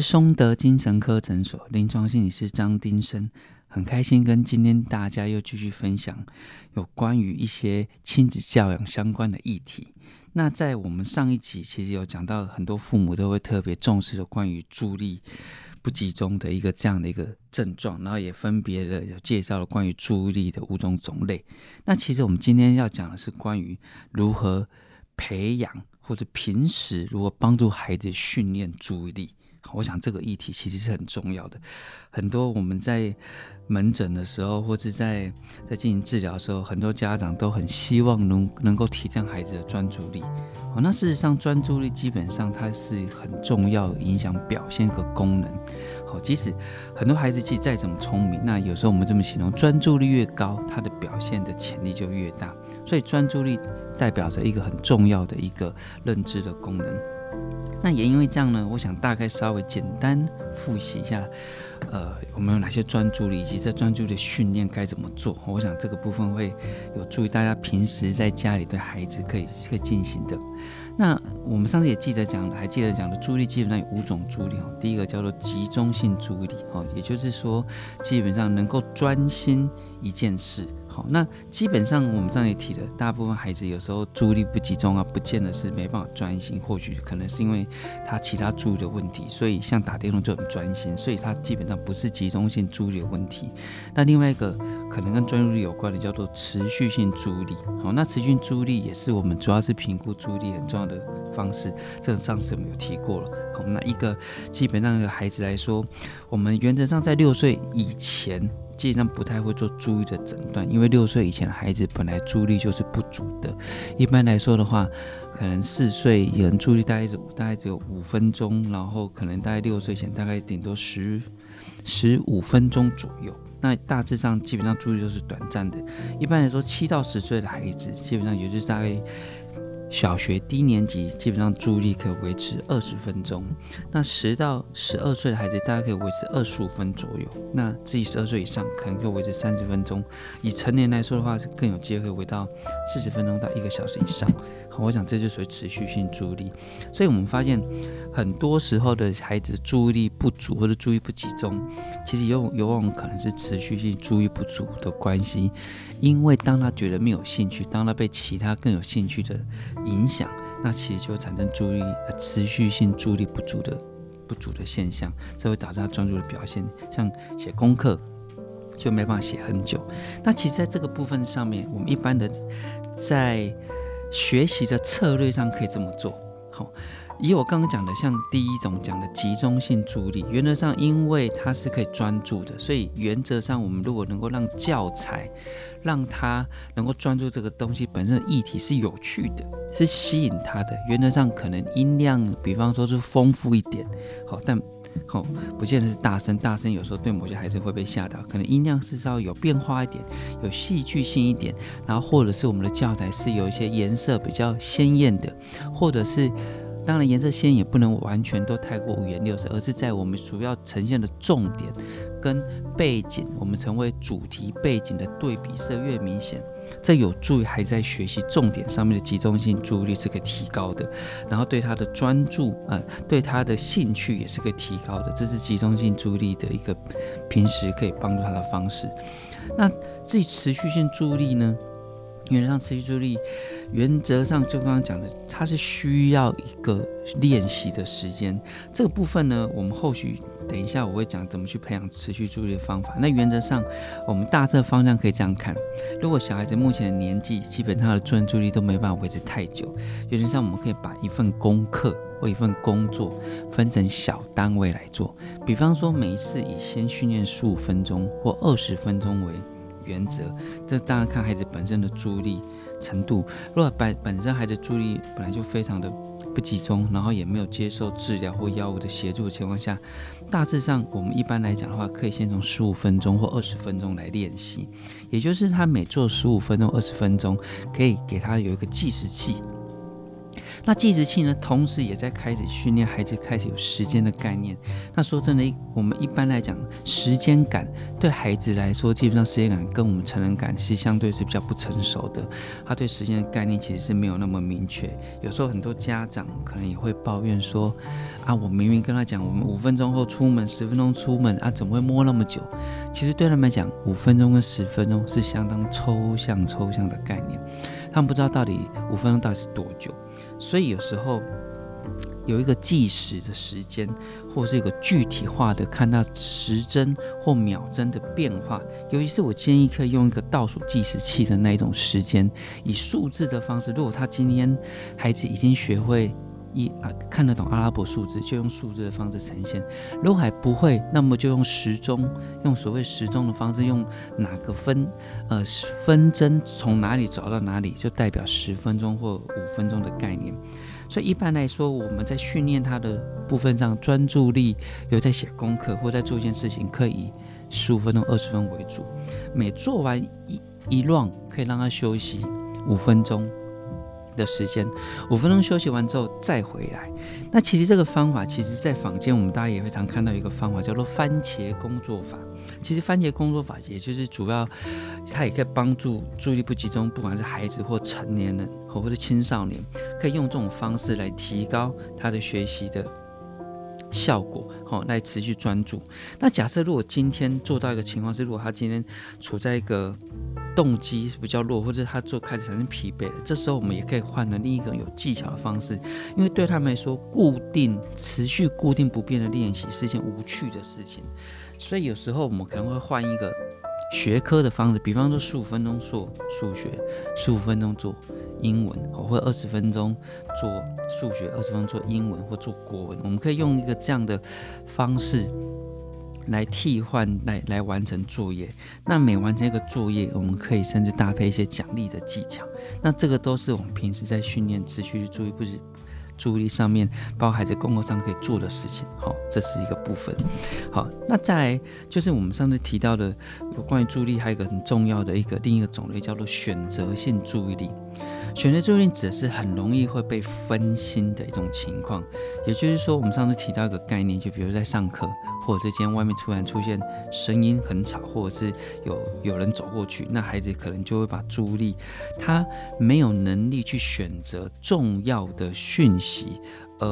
是松德精神科診所臨床心理師張丁升，很開心跟今天大家又繼續分享有關於一些親子教養相關的議題。那在我們上一集其實有講到很多父母都會特別重視的關於注意力不集中的一個這樣的一個症狀，然後也分別的有介紹了關於注意力的五種種類。那其實我們今天要講的是關於如何培養或者平時如何幫助孩子訓練注意力。我想這個議題其實是很重要的，很多我們在門診的時候，或者在在進行治療的時候，很多家長都很希望能能夠提升孩子的專注力。好，那事實上專注力基本上它是很重要影響表現和功能。好，即使很多孩子其實再怎麼聰明，那有時候我們這麼形容，專注力越高，他的表現的潛力就越大。所以專注力代表着一個很重要的一個認知的功能。那也因為這樣呢，我想大概稍微簡單複習一下，呃，我們有哪些專注力，以及在專注力訓練該怎麼做。我想這個部分會有助於大家平時在家裡對孩子可以去進行的。那我們上次也記得講，還記得講的注意力基本上有五種注意力，第一個叫做集中性注意力，哦，也就是說基本上能夠專心一件事。好，那基本上我們上也提了，大部分孩子有時候注意力不集中啊，不見得是沒辦法專心，或許可能是因為他其他注意的問題，所以像打電動就很專心，所以他基本上不是集中性注意的問題。那另外一個可能跟專注力有關的叫做持續性注意力。好，那持續性注意力也是我們主要是評估注意力很重要的方式。這個上次我們有提過了。好，那一個基本上一個孩子來說，我們原則上在六歲以前。實際上不太會做注意的診斷，因為六歲以前的孩子本來注意力就是不足的。一般來說的話，可能四歲有人注意大概只大概只有五分鐘，然後可能大概六歲前大概頂多十十五分鐘左右。那大致上基本上注意就都是短暫的。一般來說，七到十歲的孩子基本上也就是大概。小學低年級基本上注意力可以維持二十分鐘，那十到十二歲的孩子大概可以維持二十五分左右，那自己十二歲以上可能可以維持三十分鐘，以成年來說的話，是更有機會維持到四十分鐘到一個小時以上。好，我想這就屬於持續性注意力，所以我們發現。很多時候的孩子注意力不足或者注意不集中，其實有有往往可能是持續性注意不足的關係。因為當他覺得沒有興趣，當他被其他更有興趣的影響，那其實就會產生注意持續性注意不足的不足的現象，這會導致他專注的表現，像寫功課就沒辦法寫很久。那其實在這個部分上面，我們一般的在學習的策略上可以這麼做，好。以我剛剛講的，像第一種講的集中性注意力，原則上，因為它是可以專注的，所以原則上，我們如果能夠讓教材，讓它能夠專注這個東西本身的議題是有趣的，是吸引它的。原則上，可能音量，比方說是豐富一點，好，但好不見得是大聲，大聲有時候對某些孩子會被嚇到。可能音量是稍微有變化一點，有戲劇性一點，然後或者是我們的教材是有一些顏色比較鮮豔的，或者是。當然，顏色鮮豔也不能完全都太過五顏六色，而是在我們主要呈現的重點跟背景，我們成為主題背景的對比色越明顯，這有助於孩子在學習重點上面的集中性注意力是可以提高的，然後對他的專注啊、呃，對他的興趣也是可以提高的，這是集中性注意力的一個平時可以幫助他的方式。那至於持續性注意力呢？原來，讓持續注意力，原則上，就剛剛講的，它是需要一個練習的時間。這個部分呢，我們後續等一下我會講怎麼去培養持續注意力的方法。那原則上，我們大致的方向可以這樣看：如果小孩子目前的年紀，基本上他的專注力都沒辦法維持太久，原則上我們可以把一份功課或一份工作分成小單位來做。比方說，每一次以先訓練十五分鐘或二十分鐘為原則，這當然看孩子本身的注意力。程度，如果本本身孩子注意力本來就非常的不集中，然後也沒有接受治療或藥物的協助的情況下，大致上我們一般來講的話，可以先從十五分鐘或二十分鐘來練習，也就是他每做十五分鐘、二十分鐘，可以給他有一個計時器。那計時器呢，同時也在開始訓練孩子，開始有時間的概念。那說真的，我們一般來講，時間感對孩子來說，基本上時間感跟我們成人感是相對是比較不成熟的。他對時間的概念其實是沒有那麼明確。有時候很多家長可能也會抱怨說：“啊，我明明跟他講，我們五分鐘後出門，十分鐘出門啊，怎麼會摸那麼久？”其實對他們來講，五分鐘跟十分鐘是相當抽象抽象的概念，他們不知道到底五分鐘到底是多久。所以有時候有一個計時的時間，或者是一個具體化,的看到時針或秒針的變化，尤其是我建議可以用一個倒數計時器的那種時間，以數字的方式。如果他今天孩子已經學會。一啊，看得懂阿拉伯數字就用數字的方式呈現。如果還不會，那麼就用時鐘，用所謂時鐘的方式，用哪個分呃分針從哪裡走到哪裡，就代表十分鐘或五分鐘的概念。所以一般來說，我們在訓練他的部分上，專注力有在寫功課或在做一件事情，可以以十五分鐘、二十分鐘為主。每做完一一輪，可以讓他休息五分鐘。的時間，五分鐘休息完之後再回來。那其實這個方法，其實在坊間我們大家也會常看到一個方法，叫做番茄工作法。其實番茄工作法，也就是主要，它也可以幫助注意力不集中，不管是孩子或成年人，或或者青少年，可以用這種方式來提高他的學習的。效果好，哦，來持續專注。那假設如果今天做到一個情況是，如果他今天處在一個動機是比較弱，或者他做開始產生疲憊了，這時候我們也可以換了另一個有技巧的方式，因為對他們來說，固定、持續、固定不變的練習是一件無趣的事情。所以有時候我們可能會換一個學科的方式，比方說十五分鐘做數學，十五分鐘做。英文，或二十分鐘做數學，二十分鐘做英文，或做國文，我們可以用一個這樣的方式來替換，來來完成作業。那每完成一個作業，我們可以甚至搭配一些獎勵的技巧。那這個都是我們平時在訓練持續的注意，不是注意力上面，包括在工作上可以做的事情。好，這是一個部分。好，那再來就是我們上次提到的有關於注意力，還有一個很重要的一個另一個種類叫做選擇性注意力。選擇注意力只是很容易會被分心的一種情況，也就是說，我們上次提到一個概念，就比如在上課或者這間外面突然出現聲音很吵，或者是有有人走過去，那孩子可能就會把注意力，他沒有能力去選擇重要的訊息。而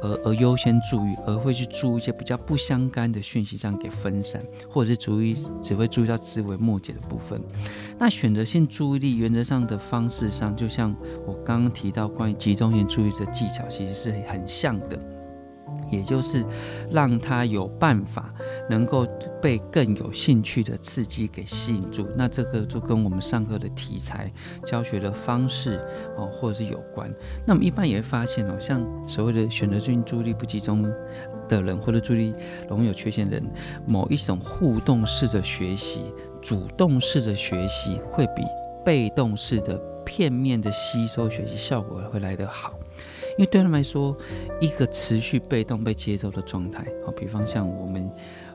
而而優先注意，而會去注意一些比較不相干的訊息，這樣給分散，或者是注意只會注意到枝微末節的部分。那選擇性注意力原則上的方式上，就像我剛剛提到關於集中性注意的技巧，其實是很像的。也就是讓他有辦法能夠被更有興趣的刺激給吸引住，那這個就跟我們上課的題材、教學的方式哦，或者是有關。那麼一般也會發現哦，像所謂的選擇性注意力不集中的人，或者注意力容易有缺陷的人，某一種互動式的學習、主動式的學習，會比被動式的、片面的吸收學習效果會來得好。因為對他們來說，一個持續被動被接受的狀態，好比方像我們，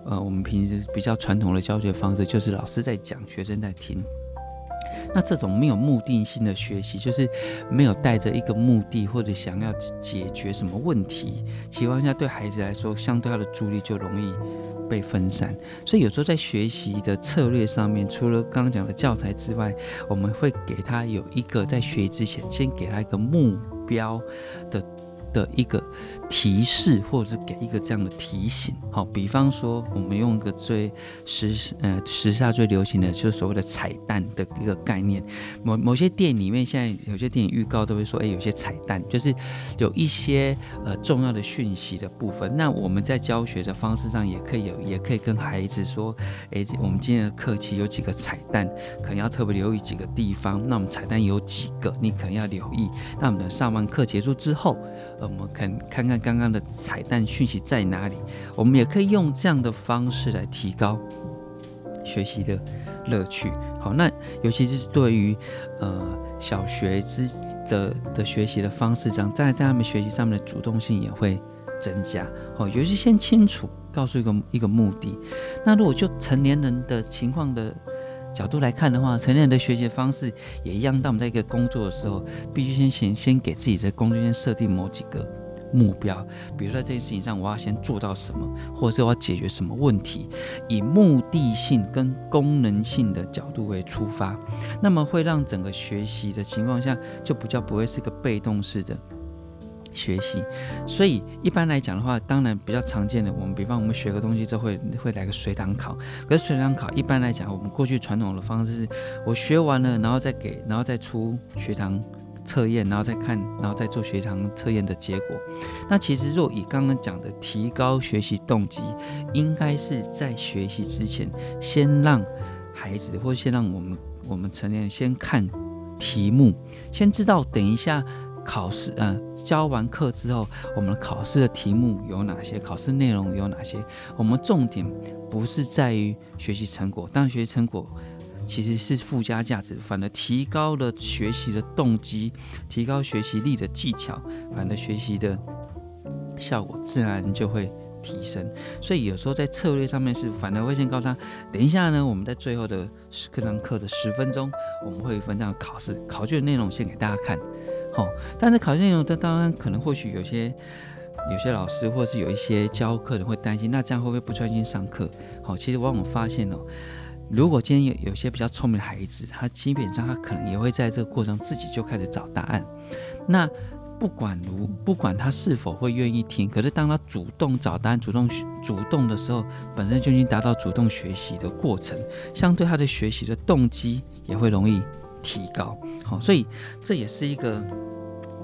呃，我們平時比較傳統的教學方式就是老師在講，學生在聽。那這種沒有目的性的學習，就是沒有帶着一個目的或者想要解決什麼問題情況下，對孩子來說，相對他的注意力就容易被分散。所以有時候在學習的策略上面，除了剛剛講的教材之外，我們會給他有一個在學習之前，先給他一個目的。標的的一個。提示或者是給一個這樣的提醒，好，比方說我們用一個最時，呃，時下最流行的，就是所謂的彩蛋的一個概念。某某些店裡面現在有些電影預告都會說，哎、欸，有些彩蛋，就是有一些呃重要的訊息的部分。那我們在教學的方式上也可以有，也可以跟孩子說，哎、欸，我們今天的課期有幾個彩蛋，可能要特別留意幾個地方。那我們彩蛋有幾個，你可能要留意。那我們的上完課結束之後，呃，我們可能看看看。剛剛的彩蛋訊息在哪裡？我們也可以用這樣的方式來提高學習的樂趣。好，那尤其是對於呃小學之的的學習的方式上，在在他們學習上面的主動性也會增加。好、哦，尤其先清楚告訴一個一個目的。那如果就成年人的情況的角度來看的話，成年人的學習的方式也一樣。當我們在一個工作的時候，必須先先先給自己的工作先設定某幾個。目標，比如說在這件事情上，我要先做到什麼，或者是我要解決什麼問題，以目的性跟功能性的角度為出發，那麼會讓整個學習的情況下，就比較不會是個被動式的學習。所以一般來講的話，當然比較常見的，我們比方我們學個東西之後會會來個隨堂考，可是隨堂考一般來講，我們過去傳統的方式是我學完了然後再給然後再出隨堂。測驗，然後再看，然後再做學堂測驗的結果。那其實，若以剛剛講的提高學習動機，應該是在學習之前，先讓孩子或是先讓我們我們成年人先看題目，先知道等一下考試，呃，教完課之後，我們考試的題目有哪些，考試內容有哪些。我們重點不是在於學習成果，當然學習成果。其實是附加價值，反而提高了學習的動機，提高學習力的技巧，反而學習的效果自然就會提升。所以有時候在策略上面是，反而會先告訴他，等一下呢，我們在最後的課堂課的十分鐘，我們會分這樣考試考卷的內容先給大家看。好、哦，但是考卷內容，這當然可能或許有些有些老師或者是有一些教課的會擔心，那這樣會不會不專心上課？好、哦，其實往往發現哦。如果今天有有些比較聰明的孩子，他基本上他可能也會在這個過程自己就開始找答案。那不管如不管他是否會願意聽，可是當他主動找答案，主動學、主動的時候，本身就已經達到主動學習的過程，相對他的學習的動機也會容易提高。好，所以這也是一個。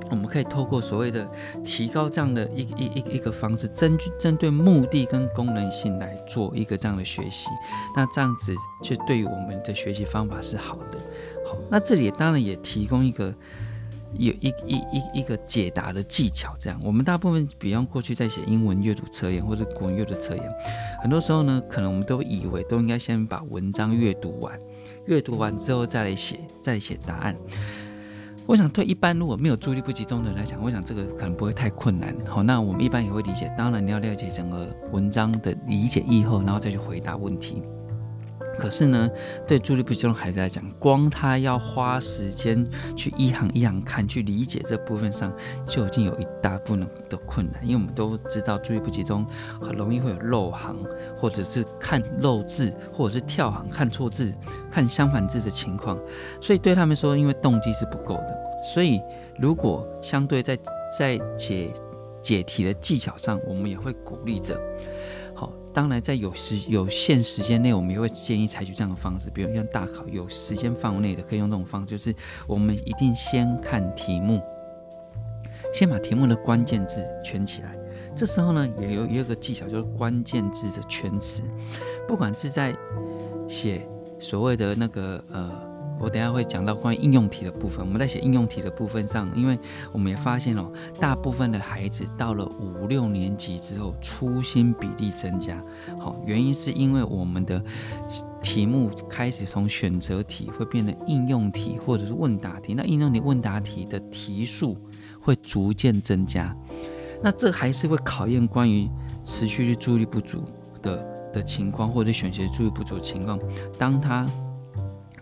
我們可以透過所謂的提高這樣的一個一一一個方式，針針對目的跟功能性來做一個這樣的學習。那這樣子就對於我們的學習方法是好的。好，那這裡當然也提供一個有一一一一個解答的技巧。這樣，我們大部分，比方過去在寫英文閱讀測驗或者國文閱讀測驗，很多時候呢，可能我們都以為都應該先把文章閱讀完，閱讀完之後再來寫，再寫答案。我想對一般如果沒有注意力不集中的人來講，我想這個可能不會太困難。好，那我們一般也會理解。當然，你要了解整個文章的理解以後，然後再去回答問題。可是呢，對注意力不集中孩子來講，光他要花時間去一行一行看，去理解這部分上，就已經有一大部分的困難。因為我們都知道，注意力不集中很容易會有漏行，或者是看漏字，或者是跳行看錯字、看相反字的情況。所以對他們說，因為動機是不夠的，所以如果相對在在解解題的技巧上，我們也會鼓勵着。當然，在有時有限時間內，我們也會建議採取這樣的方式，比如像大考，有時間範圍內的可以用這種方式。就是我們一定先看題目，先把題目的關鍵字圈起來。這時候呢，也有一個技巧，就是關鍵字的圈詞，不管是在寫所謂的那個呃。我等下會講到關於應用題的部分。我們在寫應用題的部分上，因為我們也發現哦，大部分的孩子到了五六年級之後，粗心比例增加。好，原因是因為我們的題目開始從選擇題會變成應用題或者是問答題。那應用題、問答題的題數會逐漸增加。那這還是會考驗關於持續力、注意力不足的的情況，或者選擇注意不足的情況。當他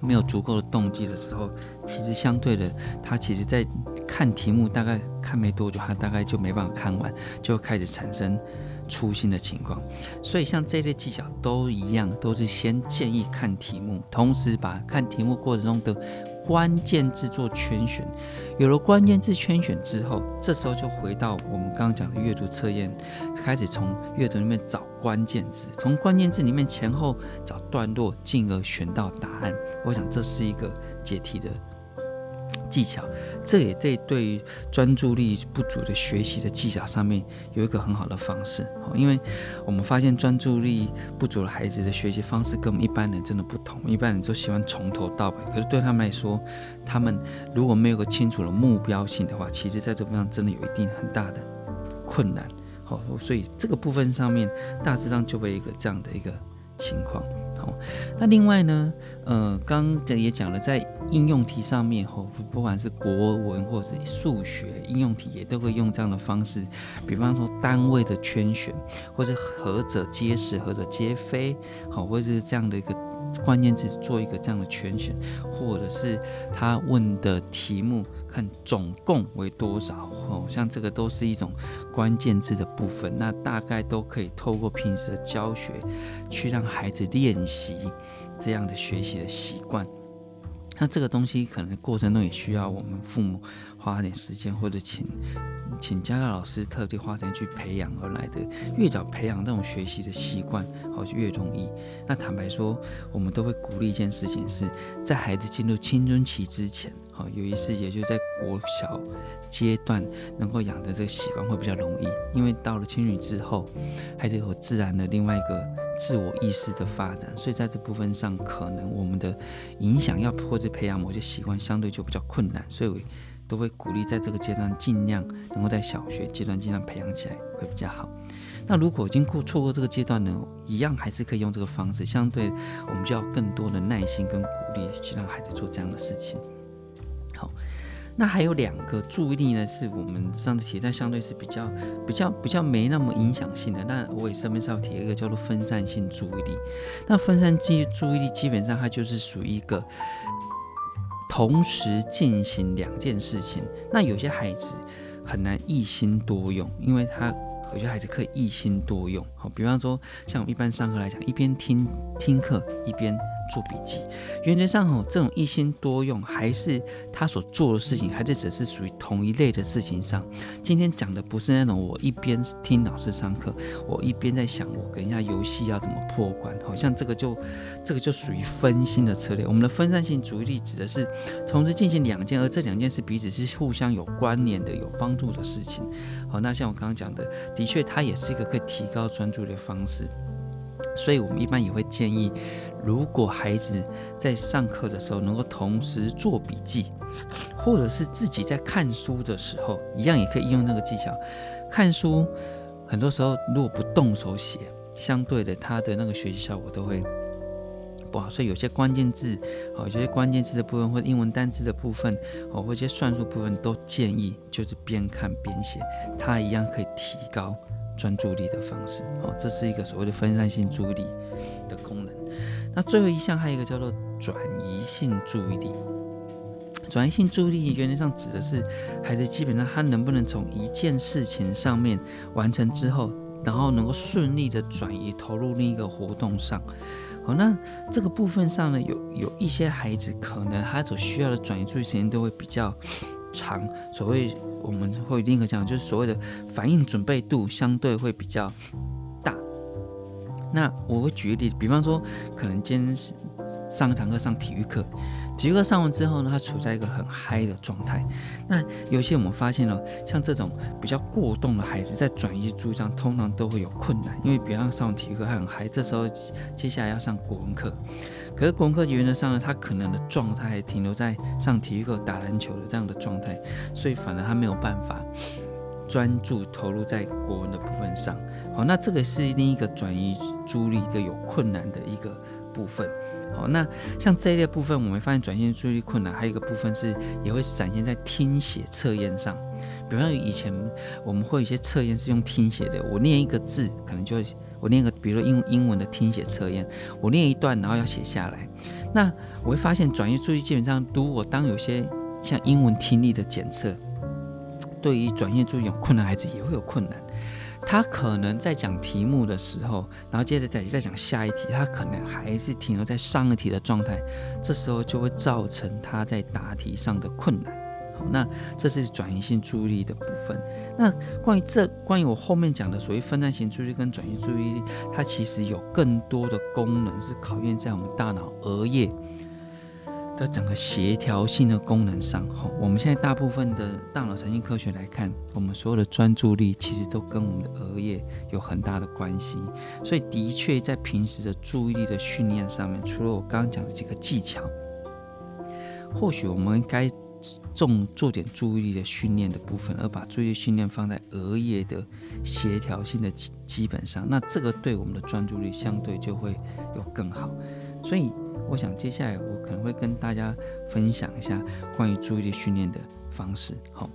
沒有足夠的動機的時候，其實相對的，他其實在看題目大概看沒多久，他大概就沒辦法看完，就開始產生粗心的情況。所以像這類技巧都一樣，都是先建議看題目，同時把看題目過程中的，關鍵字做圈選，有了關鍵字圈選之後，這時候就回到我們剛剛講的閱讀測驗，開始從閱讀裡面找關鍵字，從關鍵字裡面前後找段落，進而選到答案。我想這是一個解題的。技巧，這也這對於專注力不足的學習的技巧上面有一個很好的方式。好，因為我們發現專注力不足的孩子的學習方式跟我們一般人真的不同。一般人都喜歡從頭到尾，可是對他們來說，他們如果沒有個清楚的目標性的話，其實在這邊上真的有一定很大的困難。好，所以這個部分上面大致上就會有一個這樣的一個情況。那另外呢，呃，剛剛也講了，在應用題上面，好，不管是國文或者是數學應用題，也都會用這樣的方式，比方說單位的圈選，或者何者皆是，何者皆非，好，或者是這樣的一個關鍵字做一個這樣的圈選，或者是他問的題目。看總共為多少？好像這個都是一種關鍵字的部分。那大概都可以透過平時的教學，去讓孩子練習這樣的學習的習慣。那這個東西可能過程中也需要我們父母花點時間，或者請請家教老師特地花錢去培養而來的。越早培養這種學習的習慣，好，就越容易。那坦白說，我們都會鼓勵一件事情，是在孩子進入青春期之前。好，有一些也就在國小階段能夠養的這個習慣會比較容易，因為到了青旅之後，還得有自然的另外一個自我意識的發展，所以在這部分上，可能我們的影響要或者培養某些習慣，相對就比較困難，所以我都會鼓勵在這個階段盡量能夠在小學階段盡量培養起來會比較好。那如果已經過錯過這個階段呢，一樣還是可以用這個方式，相對我們就要更多的耐心跟鼓勵去讓孩子做這樣的事情。好，那還有兩個注意力呢，是我們上次提到，相對是比較比較比較沒那麼影響性的。那我也順便稍提一個叫做分散性注意力。那分散性注意力基本上它就是屬於一個同時進行兩件事情。那有些孩子很難一心多用，因為他有些孩子可以一心多用。好，比方說像我們一般上課來講，一邊聽聽課一邊，做筆記，原則上吼，這種一心多用，還是他所做的事情，還是只是屬於同一類的事情上。今天講的不是那種我一邊聽老師上課，我一邊在想我等一下遊戲要怎麼破關，好，像這個就這個就屬於分心的策略。我們的分散性注意力指的是同時進行兩件，而這兩件事彼此是互相有關聯的、有幫助的事情。好，那像我剛剛講的，的確它也是一個可以提高專注的方式，所以我們一般也會建議。如果孩子在上課的時候能夠同時做筆記，或者是自己在看書的時候，一樣也可以應用這個技巧。看書很多時候如果不動手寫，相對的他的那個學習效果都會不好。所以有些關鍵字，哦，有些關鍵字的部分，或者英文單字的部分，哦，或者一些算術部分，都建議就是邊看邊寫，他一樣可以提高專注力的方式，好，這是一個所謂的分散性注意力的功能。那最後一項還有一個叫做轉移性注意力。轉移性注意力原則上指的是孩子基本上他能不能從一件事情上面完成之後，然後能夠順利的轉移投入另一個活動上。好，那這個部分上呢，有有一些孩子可能他所需要的轉移注意力時間都會比較。長。所謂，我們會另一個講，就是所謂的反應準備度相對會比較大。那我會舉個例子，比方說可能今天上一堂課，上體育課，體育課上完之後呢，他處在一個很嗨的狀態。那有些我們發現了，像這種比較過動的孩子在、在轉移注意力通常都會有困難，因為比方上體育課很嗨，這時候接下來要上國文課。可是，國文課原則上呢，他可能的狀態還停留在上體育課打籃球的這樣的狀態，所以反而他沒有辦法專注投入在國文的部分上。好，那這個是另一個轉移注意力一個有困難的一個部分。好，那像這一類部分，我們發現轉移注意力困難，還有一個部分是也會展現在聽寫測驗上。比方說，以前我們會有一些測驗是用聽寫的，我念一個字，可能就會。我念個，比如說英英文的聽寫測驗，我念一段，然後要寫下來。那我會發現轉移注意基本上，如果當有些像英文聽力的檢測，對於轉移注意有困難孩子也會有困難。他可能在講題目的時候，然後接着再再講下一題，他可能還是停留在上一題的狀態，這時候就會造成他在答題上的困難。那這是轉移性注意力的部分。那關於這，關於我後面講的所謂分散型注意力跟轉移注意力，它其實有更多的功能是考驗在我們大腦額葉的整個協調性的功能上。吼，我們現在大部分的大腦神經科學來看，我們所有的專注力其實都跟我們的額葉有很大的關係。所以的確，在平時的注意力的訓練上面，除了我剛剛講的幾個技巧，或許我們該。重重點注意力的訓練的部分，而把注意力訓練放在額葉的協調性的基本上，那這個對我們的專注力相對就會有更好。所以我想接下來我可能會跟大家分享一下關於注意力訓練的方式。好，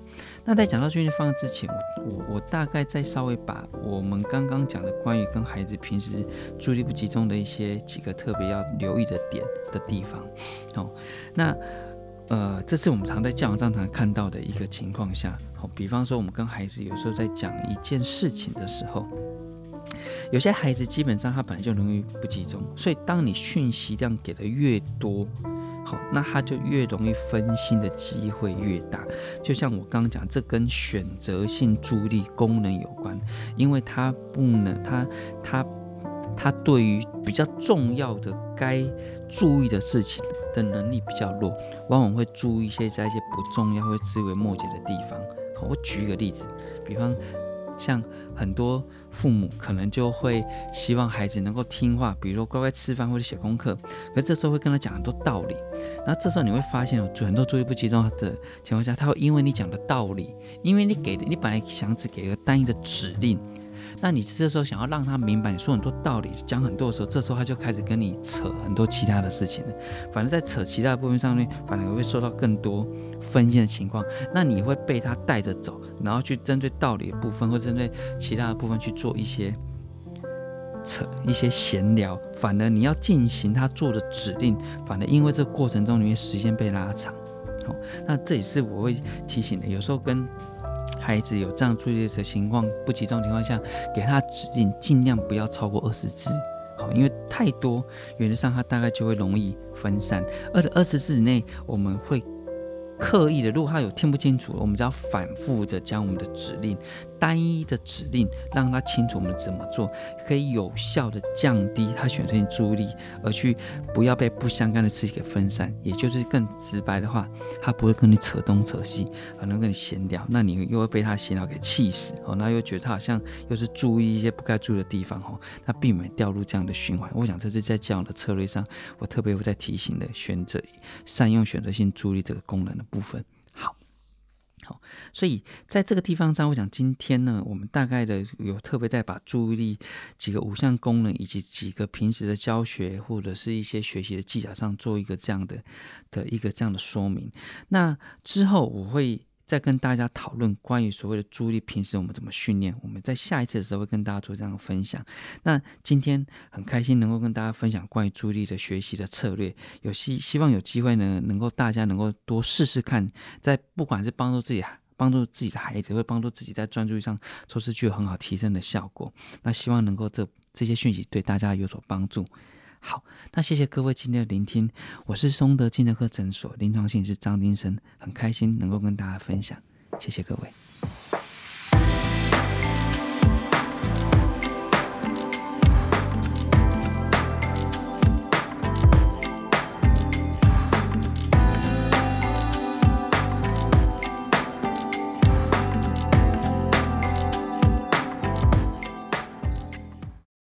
那在講到訓練方案之前，我我大概再稍微把我們剛剛講的關於跟孩子平時注意力不集中的一些幾個特別要留意的點的地方，好，那。呃，這是我們常在教養上常，常看到的一個情況下，好，比方說我們跟孩子有時候在講一件事情的時候，有些孩子基本上他本來就容易不集中，所以當你訊息量給的越多，好，那他就越容易分心的機會越大。就像我剛剛講，這跟選擇性注意力功能有關，因為他不能，他他。他對於比較重要的該注意的事情的能力比較弱，往往會注意一些在一些不重要或枝微末節的地方。好，我舉一個例子，比方像很多父母可能就會希望孩子能夠聽話，比如說乖乖吃飯或者寫功課，可這時候會跟他講很多道理。那這時候你會發現，有很多注意不集中的情況下，他會因為你講的道理，因為你給的，你本來想只給一個單一的指令。那你這時候想要讓他明白，你說很多道理，講很多的時候，這時候他就開始跟你扯很多其他的事情了。反正，在扯其他的部分上面，反而也會受到更多分心的情況。那你會被他帶着走，然後去針對道理的部分或針對其他的部分去做一些扯，一些閒聊。反而你要進行他做的指令，反而因為這個過程中，你會時間被拉長。好，那這也是我會提醒的。有時候跟孩子有這樣注意力的情況不集中的情況下，給他指令盡量不要超過二十字，好，因為太多原則上他大概就會容易分散。而二十字以內，我們會刻意的，如果他有聽不清楚，我們就要反覆的將我們的指令。單一的指令讓他清楚我們怎麼做，可以有效地降低他選擇性注意力，而去不要被不相干的事情給分散。也就是更直白的話，他不會跟你扯東扯西，可能跟你閒聊，那你又會被他閒聊給氣死哦。那又覺得他好像又是注意一些不該注意的地方哦，那避免掉入這樣的循環。我想這是在這樣的策略上，我特別會在提醒的，選擇善用選擇性注意力這個功能的部分。所以在這個地方上，我想今天呢，我們大概的有特別再把注意力幾個五項功能，以及幾個平時的教學或者是一些學習的技巧上，做一個這樣的的一個這樣的說明。那之後我會。在跟大家討論關於所謂的注意力，平時我們怎麼訓練，我們在下一次的時候會跟大家做這樣的分享。那今天很開心能夠跟大家分享關於注意力的學習的策略，有希、希望有機會呢，能夠大家能夠多試試看，在不管是幫助自己幫助自己的孩子，或幫助自己在專注力上做是具有很好提升的效果。那希望能夠這、這些訊息對大家有所幫助。好，那謝謝各位今天的聆聽，我是松德精神科診所臨床心理師張丁升，很開心能夠跟大家分享，謝謝各位。